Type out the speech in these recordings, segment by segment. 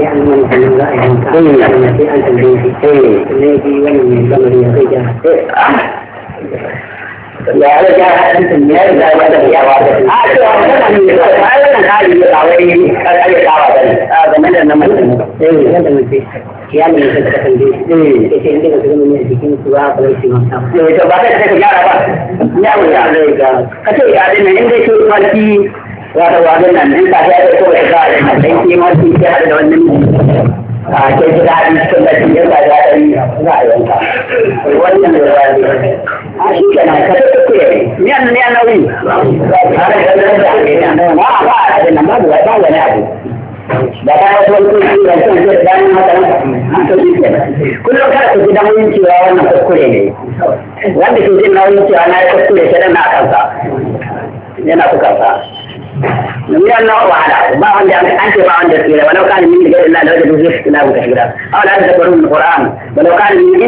يعني من الله يعني تعالى في أنت البيتي الذي ولي من الأمر يخيجه لا رجع أنت من يرجع ولا في عوادة أعلم هذه الدعوين هذه الدعوة هذا من أنا من هذا من فيه قيام الفترة البيت إيش عندنا في من يهديكين سواء وليس من شخص إذا بعد ذلك جاء لا ولا ذلك كثير قاعدين عندي شو مالكي wata wajen nan nan ta ya ko ya ga da sai ki ma ki ta da wannan a ke da an sun da ya ga da ni na yanka wannan da ya ga a shi kana ka ta ko ya ni an ni an nawi a da da da ne ma ba da nan ba da ba ne abu da ta ya ko ko ya san da dan ma da an to shi kullum kada ku ji da mun cewa wannan kuskure ne wanda ke jin nauyin cewa na kuskure sai na kansa yana kuka sa من الله أعلم ما عندي يعني أنت ما عندك كذا ولو كان من غير الله لوجدوا فيه اختلافا كثيرا أو لا تذكرون القرآن ولو كان من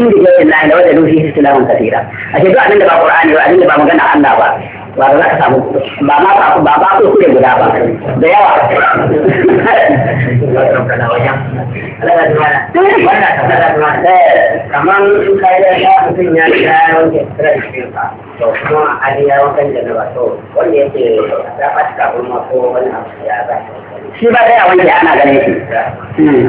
عند غير الله لوجدوا فيه اختلافا كثيرا أشهد أن الله قرآن وأن الله مجنع الله warna hitam. Bapak bapa bapak tu sudah berapa? Dewa. Kamang saya ya mesti nyanyi dan orkestra di sini pak. Semua ada yang akan jadi Orang Kau ni si dapat kabel mahu kau nak siapa? Siapa dia awak jangan ada ni. Hmm.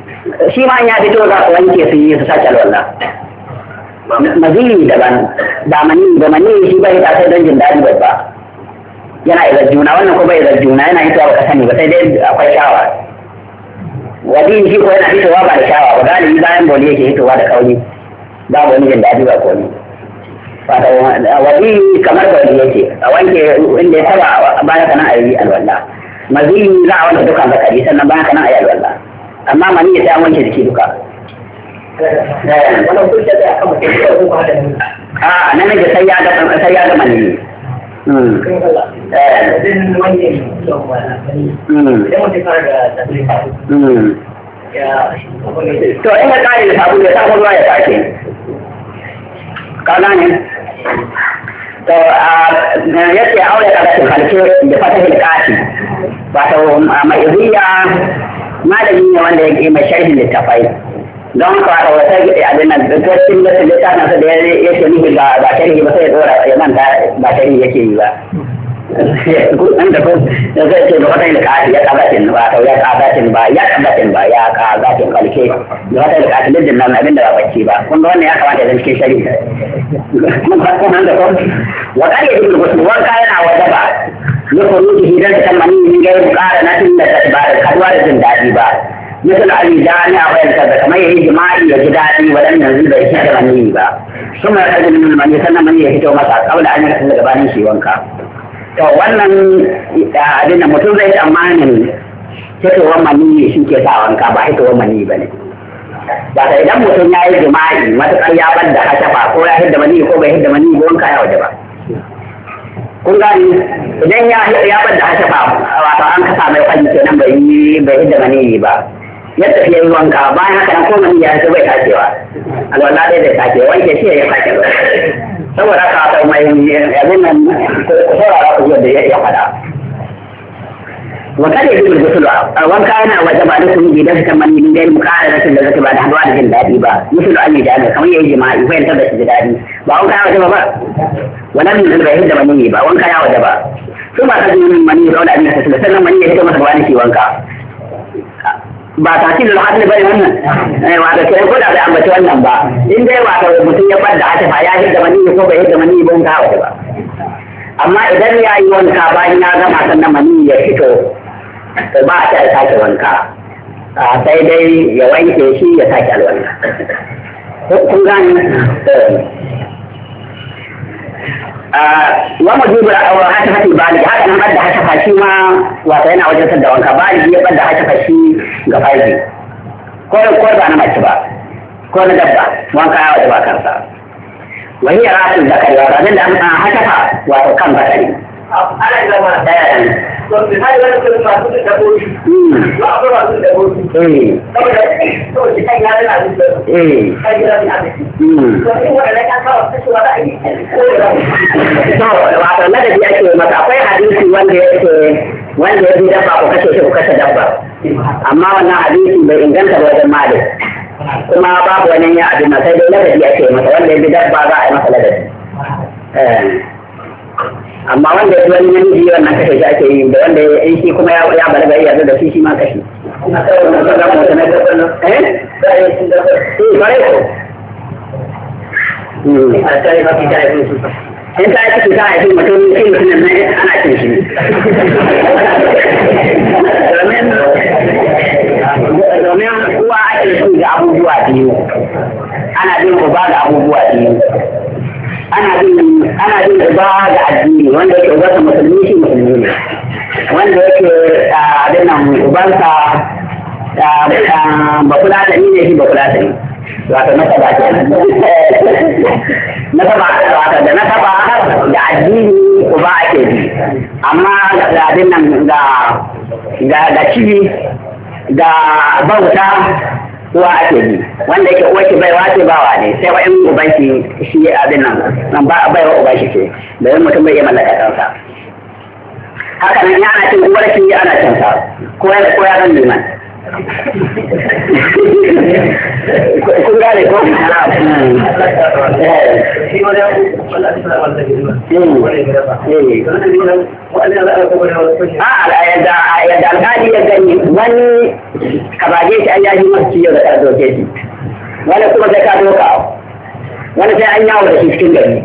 shi ma ya fito za su wanke su yi su sace alwala mazini daban ba mani mani shi bai ta sai don jin babba yana izar juna wannan ko bai izar juna yana hitowa ba ka sani ba sai dai akwai shawa wadi shi ko yana hitowa ba da shawa ba galibi bayan boli yake hitowa da kauri babu wani jin daji ba komi wadi kamar boli yake a wanke inda ya taba bayan kana a yi alwala mazini za a duka dukkan zakari sannan bayan kana a yi alwala amma mani ya ta wanke jiki duka a nan da sai ya ga sai ya ga mani hmm. eh. hmm. hmm. to in ka kare da sabulu ya samu ruwa ya sake ka gane to yace aure ka da kalke da fatahi da kashi wato mai zuya malami ne wanda ya kima sharhin littafai don haka aka wata gida abin nan gaskacin da littafin sa da ya ce nufi ba ba sharhi ba sai ya dora ya manta ba sharhi yake yi ba an da ko da zai ce wata yin kafi ya kabatin ba to ya kabatin ba ya kabatin ba ya kabatin kalke da wata yin kafi lijin nan abin da ba bacci ba kun ga wannan ya kamata ya zama cikin shari'a kun ga kun da ko wa kai ibn wasu wanka yana wajaba لخروج هجرة المني na غير مقارنة بكتبار da jin daɗi ba. مثل أبي جامع ويلتبس ما يهي جماعي وجدادي ولم ينزل بإشهاد مني با ثم يخرج ya fito masa, مني يهتو مسا قبل أن يرسل لقباني شي wanka. to wannan abin mutum zai tsammanin fitowar mani shi ke sa wanka ba fitowar mani ba ne ba idan mutum ya yi jima'i matuƙar ya bar da hashafa ko ya hidda mani ko bai hidda mani ko wanka ya waje ba kun gani idan ya ya bada ba wato an kasa mai kwanci kenan bai yi bai hidda yi ba ya tafi yi wanka bayan haka nan ko ya ce bai tacewa alwala dai bai tace wanke shi ya tace saboda haka ta mai abin nan ko ko ra ko da ya faɗa وقد يجب الغسل وان كان وجب عليكم من من غير بعد با مثل يجعل كما يجي ما وان كان وجب با ولم يجب با وان كان وجب ثم من في وان كان ba da hadin wannan eh wato da ambaci wannan ba in dai wato mutum ya bar da ya hidda mani ko bai hidda mani ba ka ba amma idan ya yi wanka bayan ya gama sannan mani ya fito to ba a ce sake wanka sai dai ya wanke shi ya sake alwanka kun gani eh. wa mu jibu wa hata hati bali haka nan bada hata fashi ma wato yana wajen sadda wanka bali ya bada hata fashi ga baligi ko ko ba na mace ba ko na dabba wanka ya wajen ba kansa wa hiya da zakari wa rasul da an hata wato kan bakari Saboda na masu a kuma masu a yi Wato ake mata akwai hadisi wanda ya ce wanda ya bi dabba ku kashe shi ku kashe dabba. Amma wannan hadisi bai inganta ba wajen mali kuma babu wani ya abin sai dai ladabi ake masa wanda ya bi dabba za a yi masa ladabi. Eh. amma wanda ya wani namiji wannan kashe shi ake yi da wanda ya yi kuma ya ya balaga ya yarda da shi shi ma kashe eh? eh, hmm. eh, in ta yi ana cin da abubuwa biyu da abubuwa biyu ana bin ana bin riba ga addini wanda yake ubansa musulmi shi musulmi ne wanda yake abin nan ubansa ba kula da ni ne shi ba kula da ni wato na saba ke na saba wato da na saba da addini uba ake bi amma ga abin nan ga da ga cibi ga bauta uwa ake bi wanda yake uwa ki baiwa ce bawa ne sai wa'in uban ki shi abin nan nan ba baiwa uba shi ce da yin mutum bai yi mallaka kansa haka nan ya ana cin uwar ki ana cin sa ko ya ko ya ran liman kun gane ko? Ah, a yadda alƙali ya gani wani kabaje shi an yaji masu ciyo da ƙarfi doke shi wani kuma sai ka doka wani sai an yawo da shi cikin gari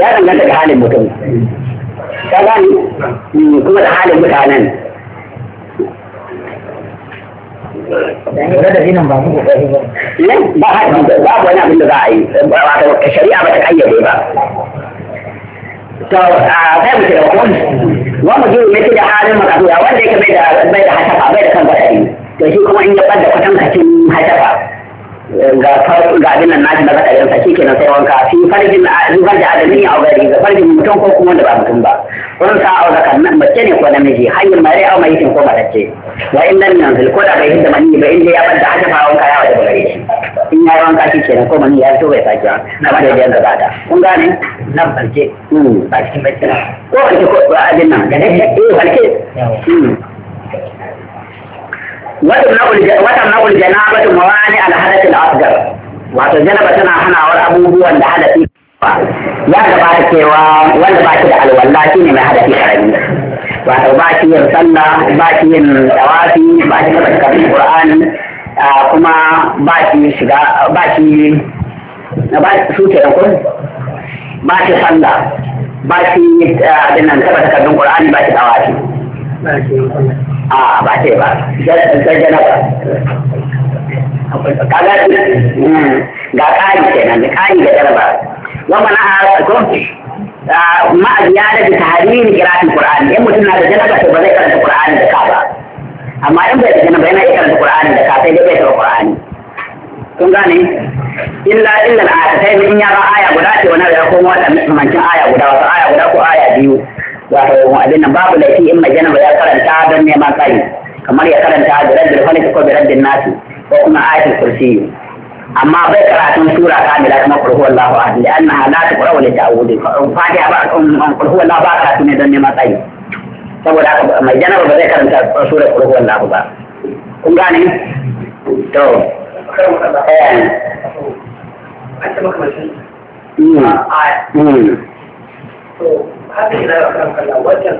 ya danganta da halin mutum ka gani hmm, kuma da halin mutanen ladabi nan ba mu kokari ba ba haɗi babu wani abin da za a yi wato shari'a ba ta kayyade ba to a kai mu da kun wa mu ji mai da halin makaduya wanda yake bai da bai da hasafa bai da kan gwada to shi kuma in ya bada kwatan kacin hasafa ga abin nan naji na ga ɗayansa shi kenan sai wanka fi farjin zubar da adami a gari ga farjin mutum ko kuma wanda ba mutum ba wurin sa a zakan nan mace ne ko namiji hanyar mare a mai ko matacce wa in nan yanzu ko da bai hidda mani ba in dai ya bada haka fa wanka ya waje gare shi in ya wanka shi kenan ko mani ya fito bai sake wa na ba da yanda ba da kun gane nan farke hmm. ba cikin bacci ko farke ko abin nan da ne eh farke وتمنع الجنابة موانع الحدث الأصغر وتجنب سنة حنا والأبوه وأن حدث ya gabata cewa wanda ba shi da alwallah shi ne mai hadafi karami wato ba shi yin sallah ba shi yin tawafi ba shi da karatun qur'ani kuma ba shi shiga ba shi ba shi su ke kun ba shi sallah ba shi abin nan tabbata karatun qur'ani ba shi tawafi a ba ce ba zarjana ba kaga ga kari hmm. kenan kari da jaraba wannan a ko ma ziyara da tahrir qira'at alquran in mutum na da janaba to ba zai karanta qur'ani da ka ba amma in bai da janaba yana iya karanta da ka sai dai bai karanta qur'ani kun gane illa illa sai in ya ba guda ce wani ya komo da mancin aya guda wasu aya guda ko biyu wato abin nan babu laifi in mai janaba ya karanta don neman kai kamar ya karanta da raddin falaki ko da raddin nasu ko kuma ayatul kursi amma bai karatun sura kamila kuma kulhu wallahu ahad li annaha la tuqra wa li ta'awudi fatiha ba kulhu um, um, wallahu ba karatu ne don neman tsari saboda haka mai janaba ba zai karanta sura kulhu wallahu ba kun gane to eh to haka yana uh, hmm. kuma hmm. da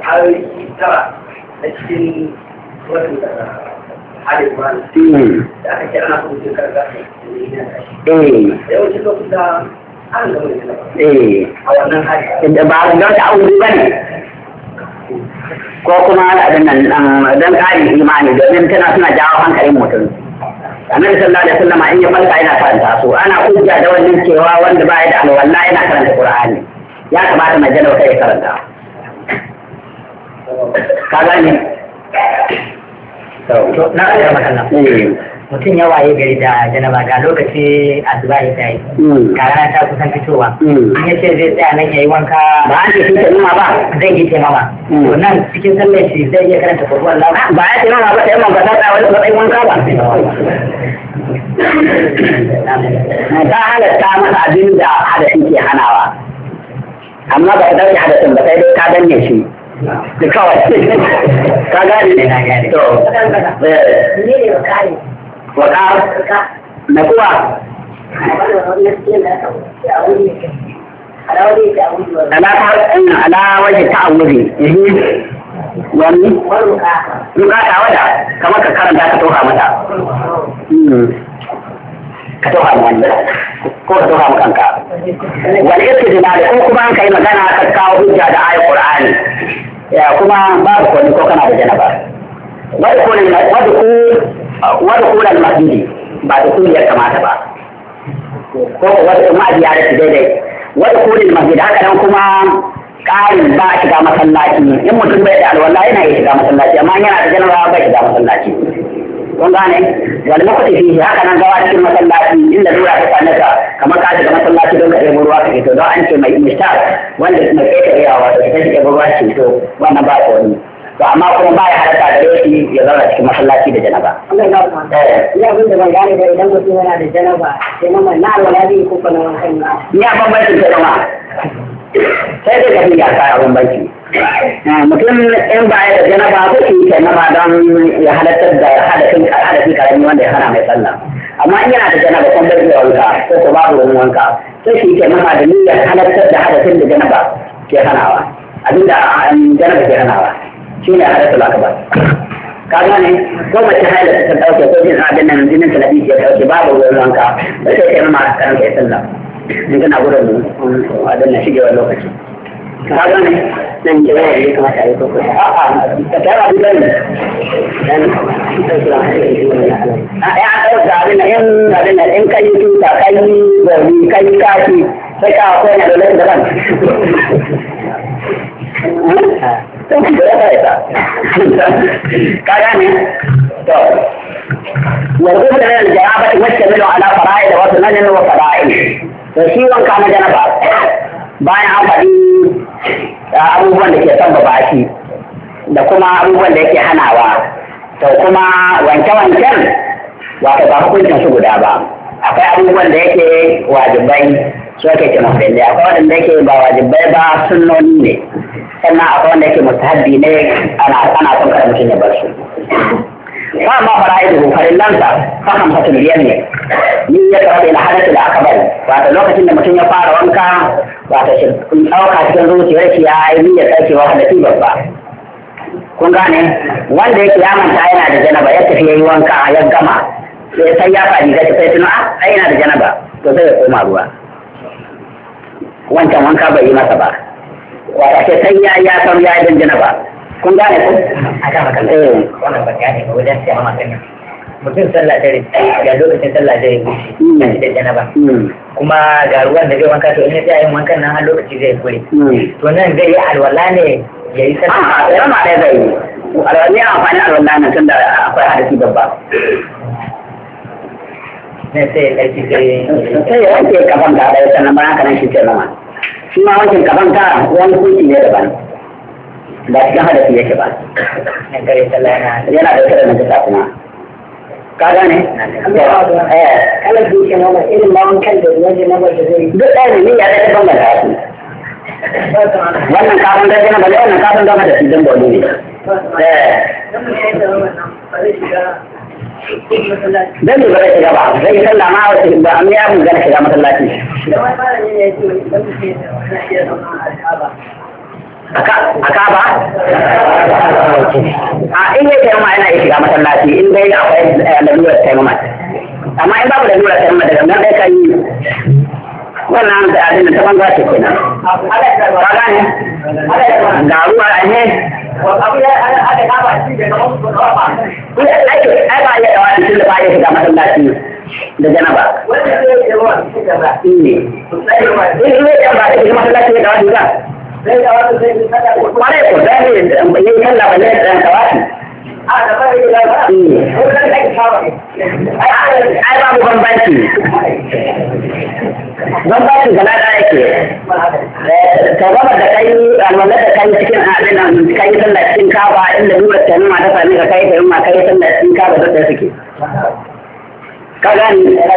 hmm. a wannan a ba ne ko kuma nan um, don imani domin tana suna jawo hankalin mutum annabi sallallahu alaihi wasallam in ya falka yana karanta su ana hujja da wannan cewa wanda ba ya da alwala yana karanta qur'ani ya kamata mai wata ya karanta ka gani. na ƙasar makalla eh. mutum ya waye gari da janaba ga lokaci zuba ya tsaye. yi hmm. ga rana ta kusan fitowa hmm. in ya ce zai tsaya nan ya yi wanka ba a ce fita nima ba zai yi taimama ba. Hmm. nan cikin sallar shi zai iya karanta kurkuwar lafa ba ya taimama ba taimama ba ta tsaya wani matsayin wanka ba ta halatta masa abin da hada shi ke hanawa amma ba ka dauke hadasin ba sai dai ka danne shi da kawai ka gane ne to eh. waka na kuwa ala waje ta'awuri wani ruka ta wada kamar ka karanta ka toka mata hmm. ka tauha mu wanda ko ka tauha mu kanka Wani wal istidlal ko kuma an kai magana ka kawo hujja da ayat qur'ani ya kuma babu ko ko kana da janaba wadkhul wadkhul wadkhul al masjid ba da kulli ya kamata ba ko wadkhul ma ziyara daidai wadkhul al masjid haka nan kuma ƙarin ba a shiga masallaci in mutum bai da alwala yana iya shiga masallaci amma yana da janawa ba shiga masallaci kun wani lokaci fi haka nan gawa cikin masallaci inda lura ta sanata kamar ka shiga masallaci don ka ɗebo ruwa ka fito don an ce mai mishtar wanda su mai ƙetarewa da ta shiga ruwa ce to wannan ba ko ni to amma kuma ba ya halatta da yake ya zauna cikin masallaci da janaba. Eh. Ni abin da ban gane da idan mutum yana da janaba, sai na alwala zai ko kuma wankan Ni a bambancin janaba. Sai dai ka fi ya kaya bambanci. Ah, mutum in ba ya da ba ko shi ke ba don ya halattar da hadafin hadafin karami wanda ya hana mai sallah amma in yana da ba kun bai wanka ko ko babu wani wanka ko shi ke nama da niyyar halattar da hadafin da ba ke hanawa abinda janaba ah, ke hanawa shi ne hadatul ba ka gane ko mace haila ta dauke ko jin abin nan jinin talabi ya dauke babu wani wanka sai ke nama karanta ya sallah in kana gudun um, abin shige shigewar lokaci kaga nan nan ke yawa ne kamata a yi koko a'a ka tara bi bane dan ita sura a ya aka da abin nan in abin nan in kai tuta kai gori kai kafi sai ka akwai na dole da ban kaga ne to yanzu da nan jaraba wacce milo ala fara'ida wasu nanin wa fara'ida to shi wanka na janaba bayan an faɗi ah, abubuwan da ke son babaki da kuma abubuwan da yake hanawa to kuma wanke-wanken wato ba hukuncin su guda ba akwai abubuwan da yake wajibai su ake ce mafilai akwai waɗanda yake ba wajibai ba sunnoni ne sannan akwai wanda yake mustahabbi ne ana son kada mutum ya bar su aiki ko ne. ما ما فرائده فرلانسا فهم فتن اليمن Ba يقرب lokacin da mutum ya fara wanka, ba ta وانكا In أوقع cikin zuciyar shi ya yi niyyar da hadasi babba kun gane wanda yake ya manta yana da janaba ya tafi yayi wanka ya gama sai sai ya faɗi ga sai tuna a ah, yana da janaba to sai ya koma ruwa wancan wanka bai yi masa ba wata sai ya ya san ya yi janaba kun gane ko a kan haka eh wannan ba ya ne ba wajen sai amma kan mutum sallah dare ga lokacin sallah dare ya hmm. da janaba hmm. kuma ga ruwan da zai wanka to in ya tsaya wankan nan har lokaci zai kure hmm. to nan zai yi alwala ne ya yi sallah a yana da zai yi alwala ne amfani alwala nan tunda akwai hadisi babba ne sai ya ɗauki sai ya wanke kafan ka ɗaya sannan bayan ka nan shi ke zama shi ma wankin kafan ka wani kuki ne daban ba cikin hadafi yake ba yana da kada ka gane kala duke na irin lawan kan da waje na ba da zai duk ɗaya ne ya da ban da wannan kafin da jana bale wannan kafin da da sidan bolo ne dan ne bare shiga ba zai sallama a wasu ba amma ya mun gana shiga masallaci a kaba a in yi taimama yana iya shiga masallaci in dai akwai eh, lalurar taimama amma in babu lalurar taimama daga nan dai kan yi wannan da abin da taban zace kenan ka gane ga ruwa ne eh. ai ba ya dawa cikin da ba ya shiga masallaci da janaba ne ne ya ba ya shiga masallaci da dawa Kwarai ne da babu bambanci. Bambanci gaba da yake. Tawabar da kai alwala da kai cikin abin nan kai sallah cikin kaba inda duka tanuma ta sami ka kai tanuma kai sallah cikin kaba da ta suke. ka gani kama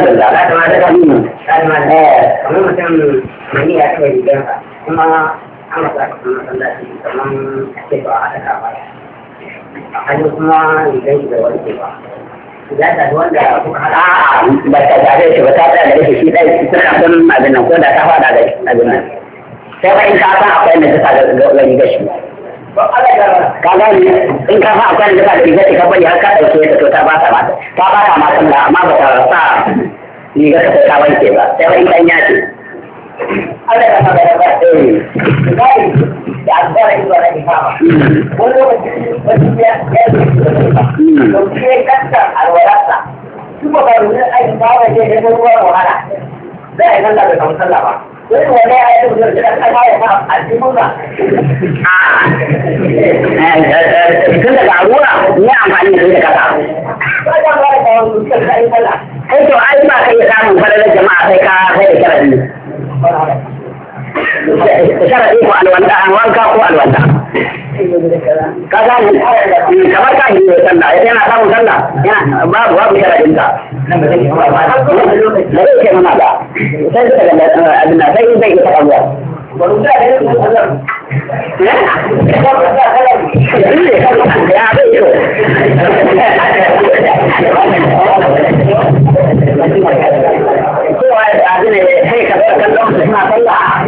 da Allah. Kama da Allah. Hmm. Kama da Allah. Kama da Kama da kuma an masu aka kuma masallaci kamar ake ba a haɗa ba a hannun kuma rigar shi da wani ba ta tafi wanda kuka haɗa a ba ta tare shi ba ta tsaya da shi shi ɗaya suna son abin nan ko da ta faɗa da abin nan sai ba in ka san akwai da ta sa ga rigar shi ka gani in ka fa akwai da ta da rigar shi ka bari har ka ɗauke ta to ta ba ta ma ta ba ta ma sallah amma ba ta sa rigar ka ta wanke ba sai ba in ɗan ya ce ada yang ada yang ada. Jadi, ada yang dua lagi sama. Boleh bersedia jadi Mungkin kata alwarasa. Cuma kalau dia ada bawa dia dia keluar wala. Dah yang ada dalam salah pak. Jadi wala ada tu dia ada sama yang apa? Alimuna. Ah. Eh, kita dah wala. Ni apa ni kita kata. Kalau kalau kalau kita dah salah. Itu aiba kayak kamu pada jemaah saya kata saya kata. sharaɗi ko alwanda an wanka ko alwanda ka gani kamar ka yi sallah yana samun sallah babu babu sharaɗin ka da yake mana ba sai suka ga eh, abin sai zai yi taɓa ruwa ya bai yi cewa abin ne sai ka kallon suna sallah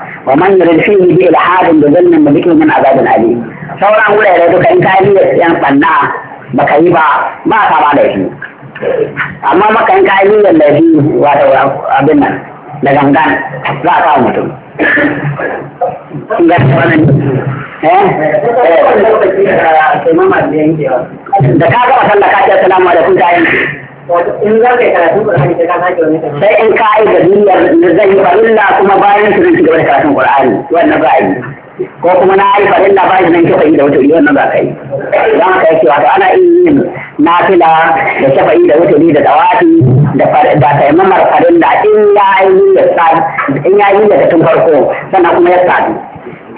ومن يرد فيه بإلحاد بظلم مذكر من عذاب أليم sauran wurare duka in ka yi yan banna baka yi ba ba ka ba da shi amma maka in ka yi yan laifi wato abin nan da gangan za ka mutum ga eh da ka ga ka ce ta yanke in za ka yi karatun Qur'ani sai ka sake wani sai in ka yi gadiyar da zai yi farilla kuma bayan su zai ci gaba da karatun Qur'ani wannan za a yi ko kuma na yi farilla bayan nan shafa'i da wuturi wannan za ka yi don haka yake wato ana yin nafila da shafa'i da wuturi da tawafi da taimamar farilla in ya yi da tun farko sannan kuma ya sadu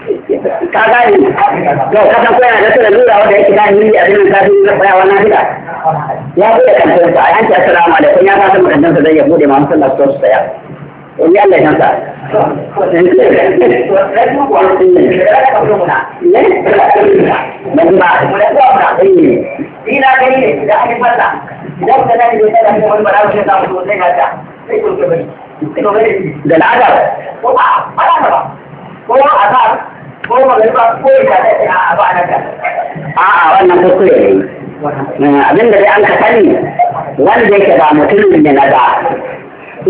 ka gane yau ka san koyana da sura lura wanda yake gane ni a cikin kafin da koyawa na fida ya buɗe kantin sa an ce assalamu alaikum ya fasa mukannin sa zai ya buɗe ma musallar su saya in ya Allah yanka Ina gani da ake fata, idan ka zai yi da wani ba za samu sosai na ta, sai kuma gani. Da na'adar, ko ba, ba ba. ko a ba ko magariba ko ya dace a ba na a a wannan kuskure ne eh, abin da dai an ka sani wanda yake ba mutum ne na ba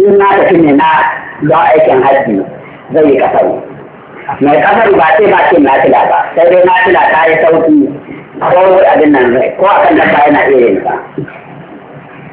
in na tafi ne na don aikin hajji zai yi kasaru mai kasar ba ce ba ce na nafila ba sai dai na nafila ta yi sauki ko abin nan ko akan dabba yana iya yin sa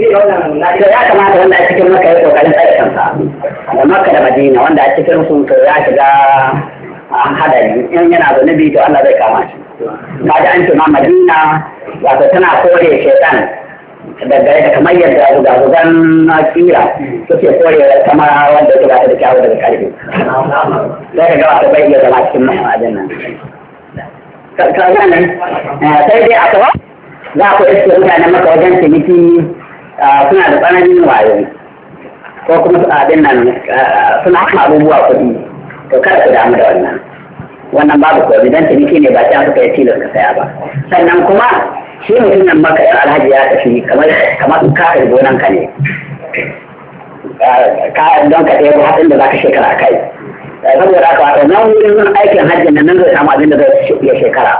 da ya kamata wanda a cikin maka ya kokarin tsare kansa da maka da madina wanda a cikin sun ka ya shiga an hadari in yana zunubi to Allah zai kama shi ba da an ce ma madina wato tana kore shaitan daga yadda kamar yadda gudagudan kira suke kore kama wanda ya gabata da kyawu daga karfi sai ka gabata bai iya zama cikin mahimmanin nan sai dai a kawai za ku iske mutanen maka wajen ciniki suna da tsananin wayo ko kuma abin nan suna kuma abubuwa kuɗi to kada ku damu da wannan wannan babu kuwa don ciniki ne ba ta suka yi tilas ka saya ba sannan kuma shi mutum nan maka yan alhaji ya tafi kamar kamar kafin gonan ka ne don ka ɗebo hatsin da za ka shekara a kai eh, saboda haka wato nan wurin aikin hajji nan zai samu abin da zai iya shekara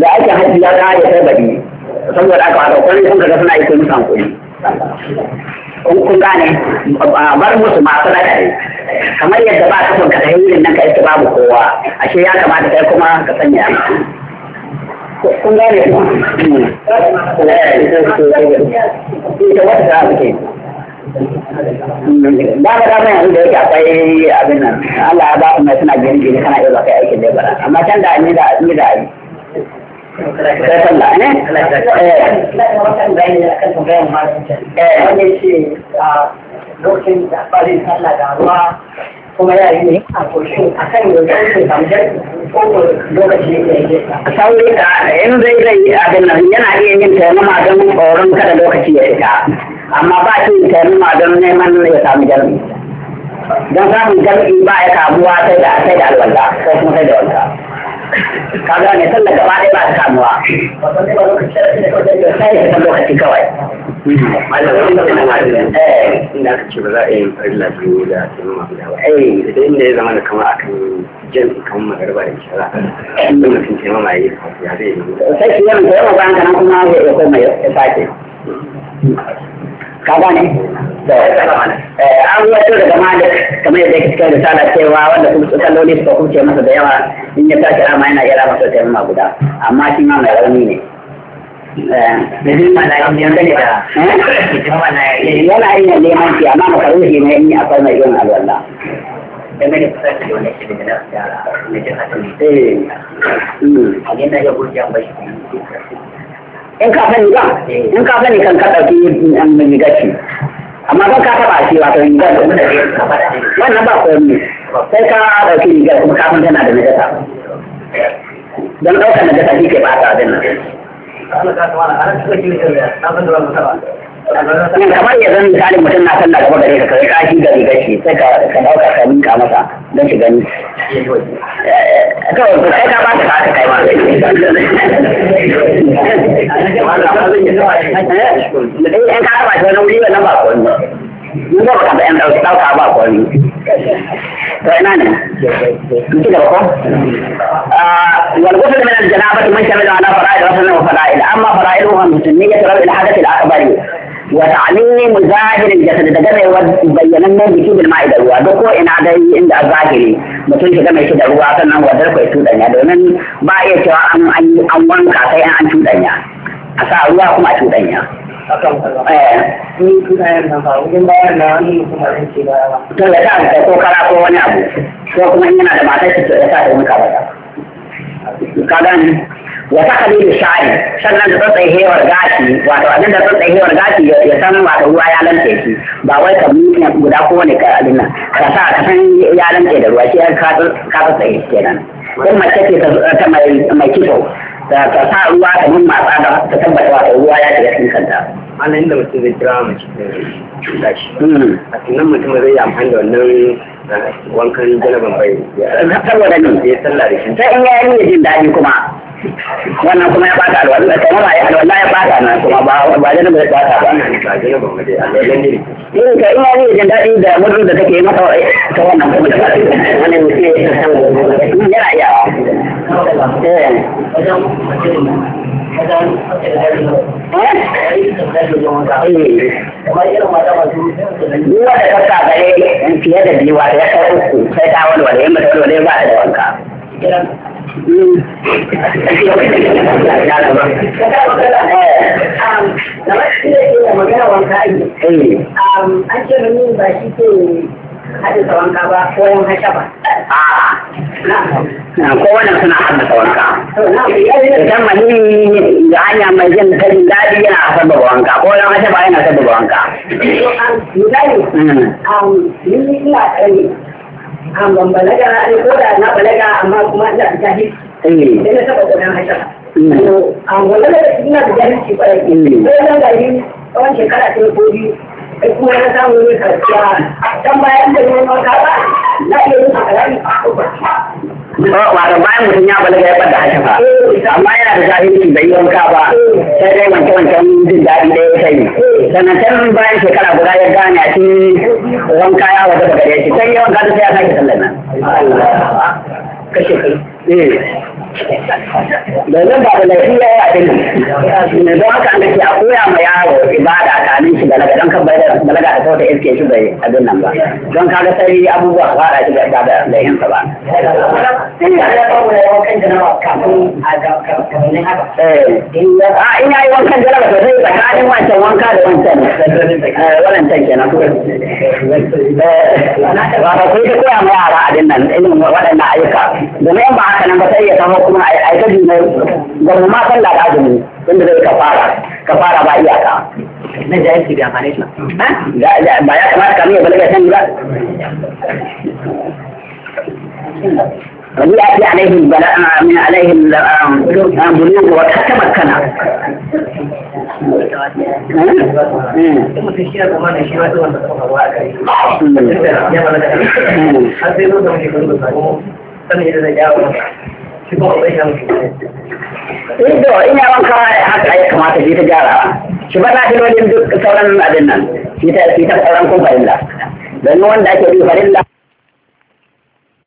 da aikin hajji ya kare sai baɗi saboda aka wata kwanin kun kaga suna yi kun san kuɗi kun gane bar musu masu rada ne kamar yadda ba ka son ka ta hirin nan ka iska babu kowa ashe ya kamata kai kuma ka sanya kun gane ku ita wata ta suke ba da dama yanzu da yake akwai abin nan Allah ya ba ku mai suna gini gini kana iya zafi aikin lebara amma can da an yi da an yi sai sallah ne yi a koshin a kan yanzu samjar ko lokaci ne sauri da in zai zai abin nan yana iya yin taimama don tsoron kada lokaci ya ita amma ba shi yin taimama don neman ya samu jami'i don samun jami'i ba ya kamuwa sai da alwala ko kuma sai da wanka ka ne? sallar gaba ɗaya ba ta sai kawai eh. inda a eh. ya zama da kama jan kan magarba da inda mutum yi ya zai yi sai shi yawan bayan kanan kuma ya ya sake ka gane Eh, an wato daga malik kamar yadda yake da risala cewa wanda kuma tsalloli suka kuce masa da yawa in ya tashi rama yana iya rama sosai taimama guda amma shi ma mai rauni ne eh, eh, yana iya neman shi amma makaruhi ne in akwai mai yin alwala hmm. A in ka sani ba in ka sani kan ka ɗauki mm, gaci amma kan ka taba shi wato rigar da Wani wannan ba ne sai ka dauki rigar kuma kafin tana da najasa don ɗaukar na shi ke ba ta wajen ba. kamar ya zan misalin mutum na sallah gaba gare ka kai kashi gari gashi sai ka ka dauka ka minka masa don shi gani kawai ka kai ka ba ka ka kai ma in ka raba shi wani wuri wannan ba ko ne in ba ka bayan dauka dauka ba ko ne to ina ne in ci gaba ko والغسل من الجنابة من شمل على فرائض رسول الله وفرائض أما فرائضها المسلمية رفع الحدث الأكبر وتعليم ظاهر الجسد da gamewar bayyanannen jiki bil da ruwa duk ko ina dai a mutum shi game shi da ruwa sannan wadar kai tudanya domin ba iya an an wanka sai an tudanya a sa ruwa kuma a tudanya to ya sa ka ko kara ko wani abu ko kuma in da matar ya sa ta wani ka wa ta da sha'ari sannan da tsotsa hewar gashi wato abin da tsotsa hewar gashi ya san wato ruwa ya lance shi ba wai ka mutu guda kowane ka abin nan ka sa ka san ya lance da ruwa shi ka tsotsa shi kenan in mace ce ta mai kitso ta sa ruwa ta mun matsa da ta tabbata wato ruwa ya shiga cikin kanta ana inda mutum zai kira mace cuta shi hmm. a sannan mutum zai yi amfani da wannan eh, wankan jalaban bai saboda ne sai sallah da shi sai in yayin jin daɗi kuma wannan kuma ya bata alwala kai ma ya ya bata na kuma ba ba da ba bata ba ka eh, ina ne jin dadi da mutum da take masa ta wannan kuma da wannan ne da ta eh. fiye da ya kai uku sai ta ba da wanka. an ce wanka ba ko ba. kowane suna haddasa wanka. Idan da hanya mai jin karin daɗi yana sabbaba wanka ko yan hasha ba yana wanka. Misali, ni ina ƙarni an ban balaga ai ko da na balaga amma kuma ina da jahil eh sai na taba kodan haishara mm. an wanda da ina da jahilci kwarai mm. sai na gari tsawon shekara ta ko biyu kuma na samu ne karfiya dan bayan da ne ma ka ba na yi yin hakalari a kofarta wato bayan mutum ya balaga ya bada haka ba amma yana da da bai wanka ba sai dai wanke wancan jin daɗi da ya sani sannan can bayan shekara guda ya gane a cikin wanka ya waje daga ya shi sai ya wanka da sai ya sake sallan nan kashe kai eh. domin ba da lafiya ya ɗin ne don haka da ke a koya ma yaro ibada a kanin shi balaga don kan balaga da kawai iske shi bai abin nan ba don kaga sai abubuwa ba da shi ba da lafiyansa ba. in ya yi wankan jaraba to zai tsakanin wancan wanka da wancan eh, walancan kenan. Eh, ba ba ku yi ta koya ma yara a dinnan irin waɗannan ayyuka domin ba haka nan ba sai ya kuma a yi kaji mai gwamna ma sallah da azumi inda zai ka fara ka fara ba iyaka na jahilci da amfani shi ba ya kamata ka nuna balaga sani ba ربيع في عليه البلاء من عليه البلوغ وقد تمكن Ido ina wanka haka ya kamata shi ta gyarawa. Shi ba ta duk sauran abin nan, shi ta sauran kun farilla. Don wanda ake bi